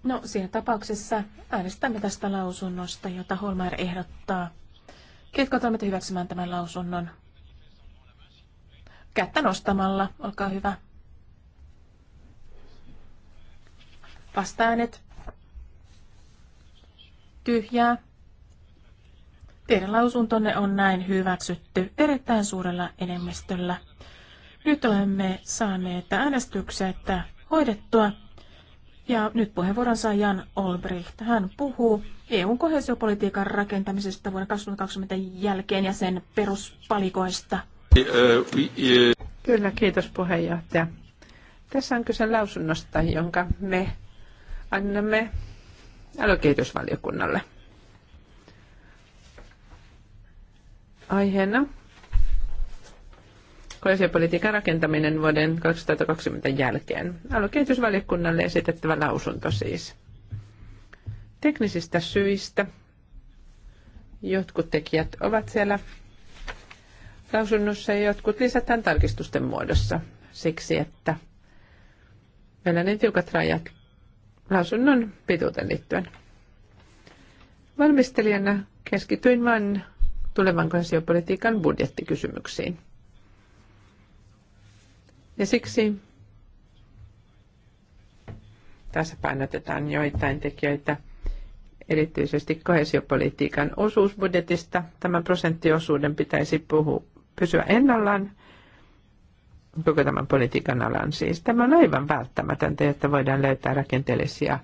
No, siinä tapauksessa äänestämme tästä lausunnosta, jota Holmer ehdottaa. Ketkä toimitte hyväksymään tämän lausunnon? Kättä nostamalla, olkaa hyvä. Vastaanet. Tyhjää. Teidän lausuntonne on näin hyväksytty erittäin suurella enemmistöllä. Nyt olemme saaneet äänestykset hoidettua. Ja nyt puheenvuoron saa Jan Olbricht. Hän puhuu EUn kohesiopolitiikan rakentamisesta vuoden 2020 jälkeen ja sen peruspalikoista. Kyllä, kiitos puheenjohtaja. Tässä on kyse lausunnosta, jonka me annamme aluekehitysvaliokunnalle. Aiheena koesiopolitiikan rakentaminen vuoden 2020 jälkeen. Aluekehitysvaliokunnalle esitettävä lausunto siis. Teknisistä syistä jotkut tekijät ovat siellä lausunnossa ja jotkut lisätään tarkistusten muodossa siksi, että meillä on niin tiukat rajat lausunnon pituuteen liittyen. Valmistelijana keskityin vain tulevan kansiopolitiikan budjettikysymyksiin. Ja siksi tässä painotetaan joitain tekijöitä, erityisesti kohesiopolitiikan osuusbudjetista. Tämän prosenttiosuuden pitäisi puhua, pysyä ennallaan koko tämän politiikan alan. Siis tämä on aivan välttämätöntä, että voidaan löytää rakenteellisia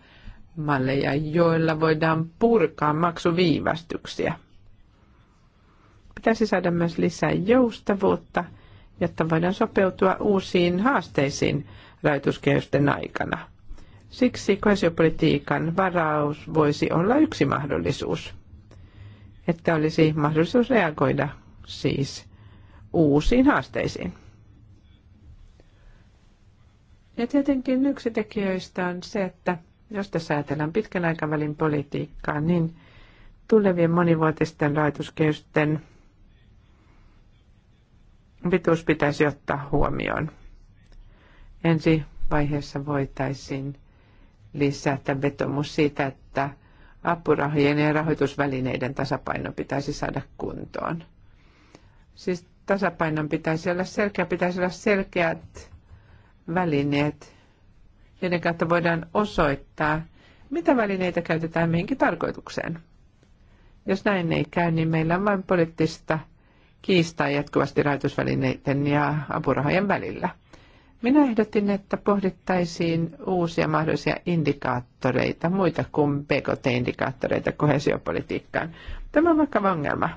malleja, joilla voidaan purkaa maksuviivästyksiä. Pitäisi saada myös lisää joustavuutta – jotta voidaan sopeutua uusiin haasteisiin rajoituskehysten aikana. Siksi koesiopolitiikan varaus voisi olla yksi mahdollisuus, että olisi mahdollisuus reagoida siis uusiin haasteisiin. Ja tietenkin yksi tekijöistä on se, että jos tässä ajatellaan pitkän aikavälin politiikkaa, niin tulevien monivuotisten rahoituskehysten pituus pitäisi ottaa huomioon. Ensi vaiheessa voitaisiin lisätä vetomus siitä, että apurahojen ja rahoitusvälineiden tasapaino pitäisi saada kuntoon. Siis tasapainon pitäisi olla selkeä, pitäisi olla selkeät välineet, joiden kautta voidaan osoittaa, mitä välineitä käytetään mihinkin tarkoitukseen. Jos näin ei käy, niin meillä on vain poliittista kiistaa jatkuvasti rahoitusvälineiden ja apurahojen välillä. Minä ehdotin, että pohdittaisiin uusia mahdollisia indikaattoreita, muita kuin BKT-indikaattoreita kohesiopolitiikkaan. Tämä on vaikka ongelma,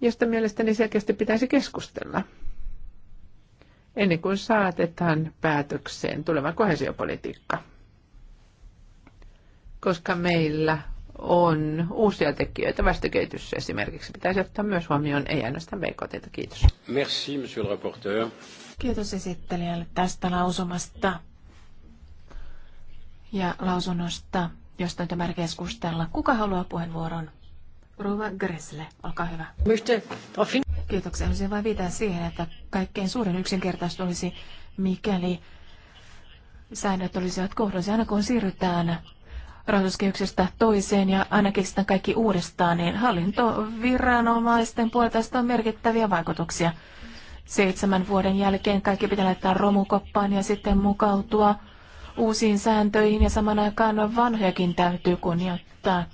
josta mielestäni selkeästi pitäisi keskustella ennen kuin saatetaan päätökseen tuleva kohesiopolitiikka. Koska meillä on uusia tekijöitä. Väestökehitys esimerkiksi pitäisi ottaa myös huomioon, ei ainoastaan BKT. Kiitos. Merci, monsieur le rapporteur. Kiitos esittelijälle tästä lausumasta ja lausunnosta, josta on tämä keskustella. Kuka haluaa puheenvuoron? Rova Gressle, olkaa hyvä. Kiitoksia. Haluaisin vain viitata siihen, että kaikkein suurin yksinkertaisuus olisi, mikäli säännöt olisivat kohdallisia. Aina kun siirrytään rahoituskehyksestä toiseen ja ainakin keksitään kaikki uudestaan, niin hallintoviranomaisten puolelta tästä on merkittäviä vaikutuksia. Seitsemän vuoden jälkeen kaikki pitää laittaa romukoppaan ja sitten mukautua uusiin sääntöihin ja saman aikaan vanhojakin täytyy kunnioittaa.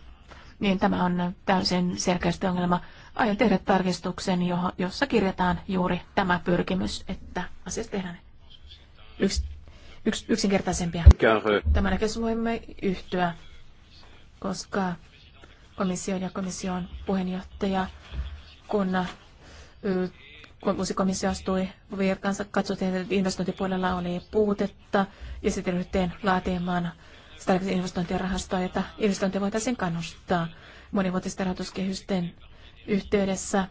Niin tämä on täysin selkeästi ongelma. Aion tehdä tarkistuksen, jossa kirjataan juuri tämä pyrkimys, että asiasta tehdään yksi yks, yksinkertaisempia. Tämän näköisesti voimme yhtyä, koska komission ja komission puheenjohtaja, kun kun uusi komissio astui virkansa, katsottiin, että investointipuolella oli puutetta ja sitten ryhdyttiin laatimaan strategisen investointien rahastoa, jota investointia voitaisiin kannustaa monivuotisten rahoituskehysten yhteydessä.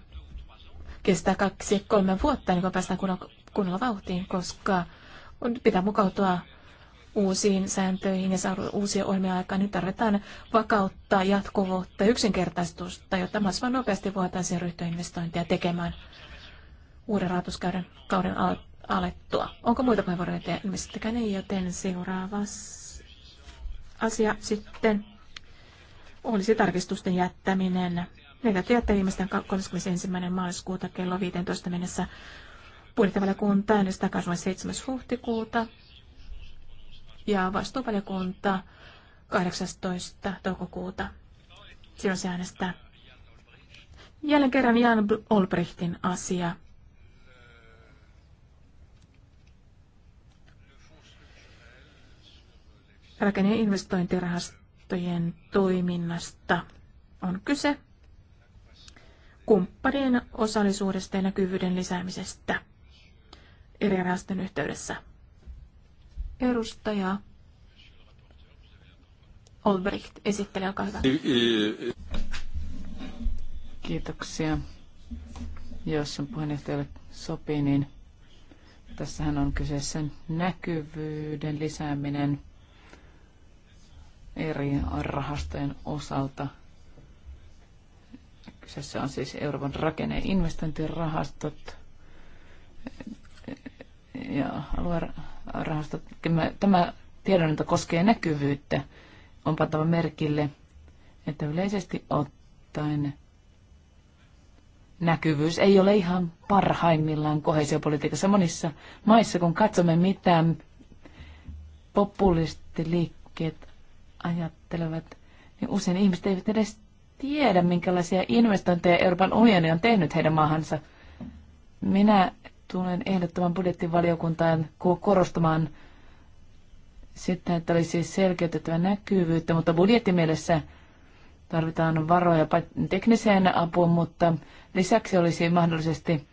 Kestää kaksi, kolme vuotta, niin kun päästään kunnolla vauhtiin, koska on, pitää mukautua uusiin sääntöihin ja saada uusia ohjelmia aikaan. Nyt tarvitaan vakautta, jatkuvuutta ja yksinkertaistusta, jotta mahdollisimman nopeasti voitaisiin ryhtyä investointia tekemään uuden rahoituskauden kauden alettua. Onko muita puheenvuoroja? Ilmeisestikään ei, joten seuraava asia sitten olisi tarkistusten jättäminen. Ne täytyy jättää viimeistään 31. maaliskuuta kello 15 mennessä. Budjettivaliokunta äänestää 27. huhtikuuta ja vastuuvaliokunta 18. toukokuuta. Silloin se äänestää. Jälleen kerran Jan Olbrichtin asia. Rakenne- ja investointirahastojen toiminnasta on kyse kumppanien osallisuudesta ja näkyvyyden lisäämisestä eri yhteydessä. Edustaja Olbricht esittelee, olkaa hyvä. Kiitoksia. Jos on puheenjohtajalle sopii, niin tässähän on kyseessä näkyvyyden lisääminen eri rahastojen osalta. Kyseessä on siis Euroopan rakenneinvestointirahastot, ja aluerahastot. Tämä tiedonanto koskee näkyvyyttä. On pantava merkille, että yleisesti ottaen näkyvyys ei ole ihan parhaimmillaan kohesiopolitiikassa monissa maissa, kun katsomme mitä populistiliikkeet ajattelevat, niin usein ihmiset eivät edes tiedä, minkälaisia investointeja Euroopan unioni on tehnyt heidän maahansa. Minä tulen ehdottamaan budjettivaliokuntaan korostamaan sitä, että olisi selkeytettävä näkyvyyttä, mutta budjettimielessä tarvitaan varoja tekniseen apuun, mutta lisäksi olisi mahdollisesti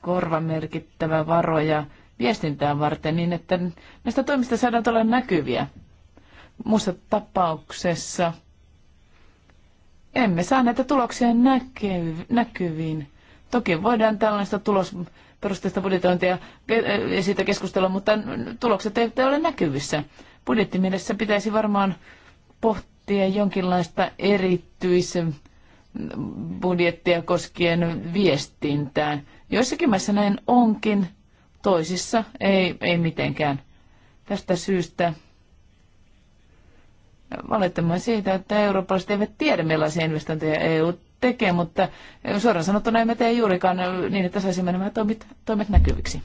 korvamerkittävä varoja viestintään varten niin, että näistä toimista saadaan olla näkyviä. Muussa tapauksessa emme saa näitä tuloksia näkyviin. Toki voidaan tällaista tulos perusteista budjetointia ja eh, siitä keskustella, mutta tulokset eivät ole näkyvissä. Budjettimielessä pitäisi varmaan pohtia jonkinlaista erityisen budjettia koskien viestintää. Joissakin maissa näin onkin, toisissa ei, ei mitenkään. Tästä syystä valitettavasti, siitä, että eurooppalaiset eivät tiedä, millaisia investointeja EU tekee, mutta eh, suoraan sanottuna emme tee juurikaan eh, niin, että saisimme nämä toimet, toimet näkyviksi.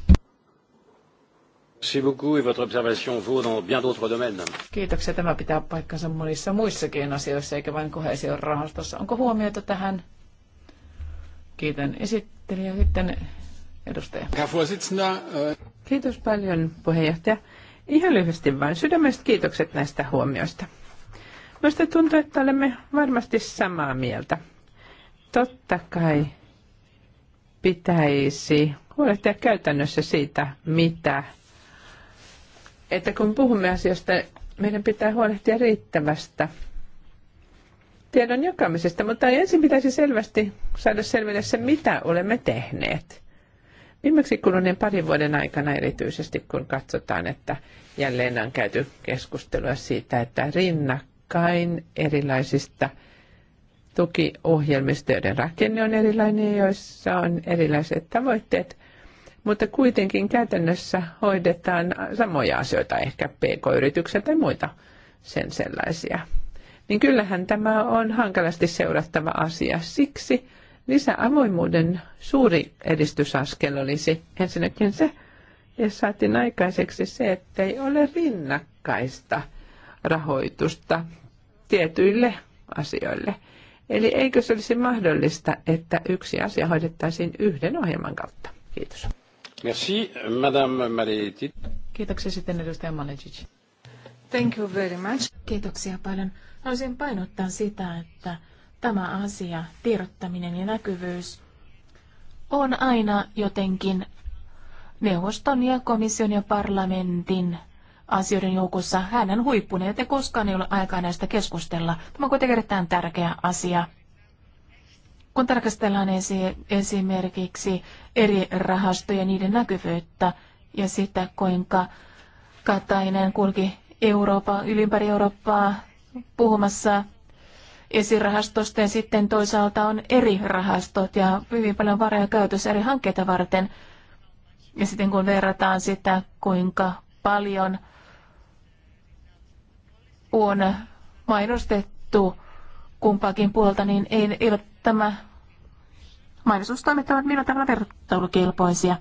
Kiitoksia. Tämä pitää paikkansa monissa muissakin asioissa, eikä vain kohesion rahastossa. Onko huomiota tähän? Kiitän esittelijä. Sitten edustaja. Äh, Kiitos paljon puheenjohtaja. Ihan lyhyesti vain sydämestä kiitokset näistä huomioista. Minusta tuntuu, että olemme varmasti samaa mieltä Totta kai pitäisi huolehtia käytännössä siitä, mitä, että kun puhumme asioista, meidän pitää huolehtia riittävästä tiedon jakamisesta, mutta ensin pitäisi selvästi saada selville se, mitä olemme tehneet. Viimeksi kuluneen parin vuoden aikana erityisesti, kun katsotaan, että jälleen on käyty keskustelua siitä, että rinnakkain erilaisista – tukiohjelmistojen rakenne on erilainen, joissa on erilaiset tavoitteet, mutta kuitenkin käytännössä hoidetaan samoja asioita, ehkä pk-yrityksiä tai muita sen sellaisia. Niin kyllähän tämä on hankalasti seurattava asia. Siksi lisäavoimuuden suuri edistysaskel olisi ensinnäkin se, ja saatiin aikaiseksi se, että ei ole rinnakkaista rahoitusta tietyille asioille – Eli eikö se olisi mahdollista, että yksi asia hoidettaisiin yhden ohjelman kautta? Kiitos. Merci, Madame Maletti. Kiitoksia sitten edustaja Maletic. Thank you very much. Kiitoksia paljon. Haluaisin painottaa sitä, että tämä asia, tiedottaminen ja näkyvyys, on aina jotenkin neuvoston ja komission ja parlamentin asioiden joukossa. hänen on joten koskaan ei ole aikaa näistä keskustella. Tämä on kuitenkin erittäin tärkeä asia. Kun tarkastellaan esi- esimerkiksi eri rahastoja, niiden näkyvyyttä ja sitä, kuinka Katainen kulki Euroopan, ylimpäri Eurooppaa puhumassa esirahastosta ja sitten toisaalta on eri rahastot ja hyvin paljon varoja käytössä eri hankkeita varten. Ja sitten kun verrataan sitä, kuinka paljon on mainostettu kumpaakin puolta, niin ei, ei ole tämä mainostustoimet ovat millä tavalla vertailukelpoisia.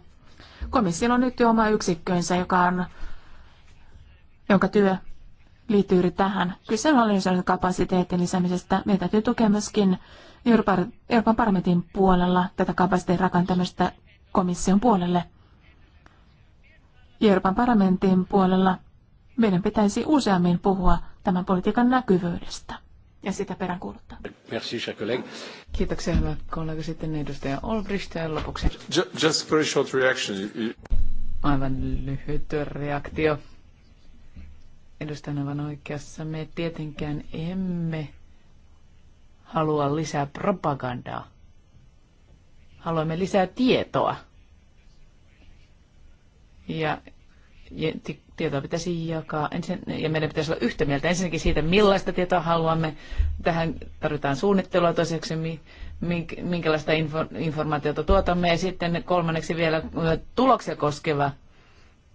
Komissiolla on nyt jo oma yksikkönsä, joka on, jonka työ liittyy juuri tähän. Kyse on hallinnollisen kapasiteetin lisäämisestä. Meidän täytyy tukea myöskin Euroopan parlamentin puolella tätä kapasiteetin rakentamista komission puolelle. Euroopan parlamentin puolella meidän pitäisi useammin puhua tämän politiikan näkyvyydestä ja sitä peräänkuuluttaa. Merci, Kiitoksia, hyvä kollega. Sitten edustaja Olbrist ja lopuksi. Just very short reaction. Aivan lyhyt reaktio. Edustajana aivan oikeassa. Me tietenkään emme halua lisää propagandaa. Haluamme lisää tietoa. Ja tietoa pitäisi jakaa ensin, ja meidän pitäisi olla yhtä mieltä ensinnäkin siitä, millaista tietoa haluamme. Tähän tarvitaan suunnittelua toiseksi, minkälaista informaatiota tuotamme ja sitten kolmanneksi vielä tuloksia koskeva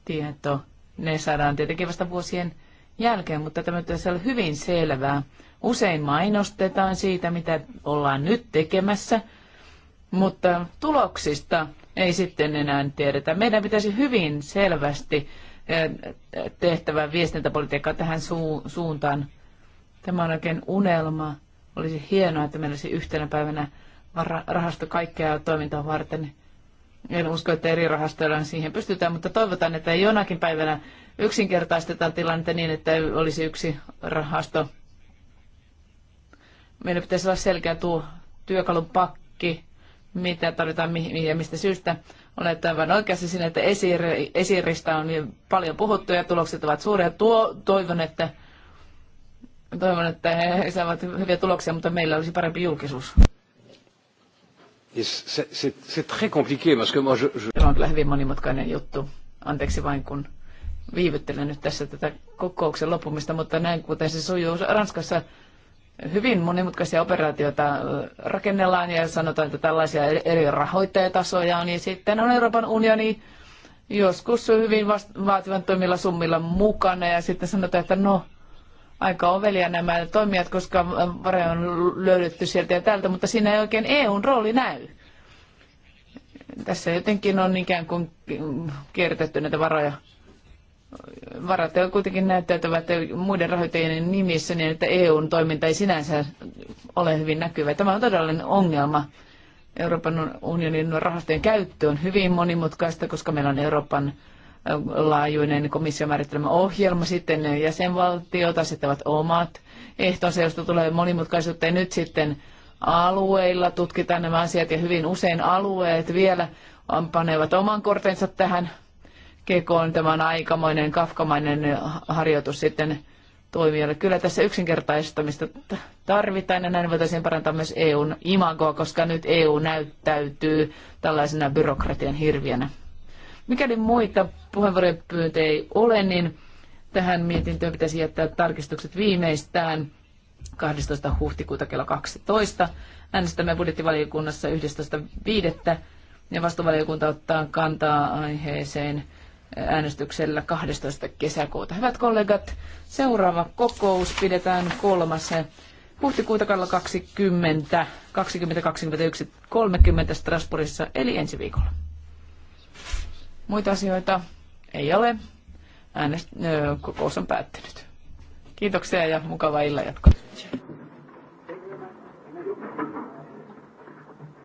tieto. Ne saadaan tietenkin vasta vuosien jälkeen, mutta tämä pitäisi olla hyvin selvää. Usein mainostetaan siitä, mitä ollaan nyt tekemässä, mutta tuloksista ei sitten enää tiedetä. Meidän pitäisi hyvin selvästi Eh, tehtävä viestintäpolitiikkaa tähän suuntaan. Tämä on oikein unelma. Olisi hienoa, että meillä olisi yhtenä päivänä rahasto kaikkea toimintaa varten. En usko, että eri rahastoilla siihen pystytään, mutta toivotaan, että jonakin päivänä yksinkertaistetaan tilannetta niin, että olisi yksi rahasto. Meillä pitäisi olla selkeä tuo työkalupakki, mitä tarvitaan mihin ja mistä syystä Olet aivan oikeassa siinä, että esir, esiristä on niin paljon puhuttu ja tulokset ovat suuria. Tuo, toivon, että, toivon, että he saavat hyviä tuloksia, mutta meillä olisi parempi julkisuus. Se on kyllä hyvin monimutkainen juttu. Anteeksi vain, kun viivyttelen nyt tässä tätä kokouksen loppumista, mutta näin kuten se sujuu Ranskassa, hyvin monimutkaisia operaatioita rakennellaan ja sanotaan, että tällaisia eri rahoittajatasoja on. Ja sitten on Euroopan unioni joskus hyvin toimilla summilla mukana ja sitten sanotaan, että no, aika ovelia nämä toimijat, koska varoja on löydetty sieltä ja täältä, mutta siinä ei oikein EUn rooli näy. Tässä jotenkin on ikään kuin kiertetty näitä varoja varat kuitenkin näyttäytyvät muiden rahoittajien nimissä niin, että EUn toiminta ei sinänsä ole hyvin näkyvä. Tämä on todellinen ongelma. Euroopan unionin rahastojen käyttö on hyvin monimutkaista, koska meillä on Euroopan äh, laajuinen komission määrittelemä ohjelma, sitten jäsenvaltiot asettavat omat ehtonsa, josta tulee monimutkaisuutta, ja nyt sitten alueilla tutkitaan nämä asiat, ja hyvin usein alueet vielä panevat oman kortensa tähän kekoon. Tämä aikamoinen kafkamainen harjoitus sitten toimijoille. Kyllä tässä yksinkertaistamista tarvitaan ja näin voitaisiin parantaa myös EUn imagoa, koska nyt EU näyttäytyy tällaisena byrokratian hirviönä. Mikäli muita puheenvuorojen pyyntöjä ei ole, niin tähän mietintöön pitäisi jättää tarkistukset viimeistään 12. huhtikuuta kello 12. Äänestämme budjettivaliokunnassa 11.5. ja vastuvaliokunta ottaa kantaa aiheeseen äänestyksellä 12. kesäkuuta. Hyvät kollegat, seuraava kokous pidetään kolmas huhtikuuta 2020, 2021, 30 Strasbourgissa, eli ensi viikolla. Muita asioita ei ole. Äänest- kokous on päättynyt. Kiitoksia ja mukavaa illanjatkoa.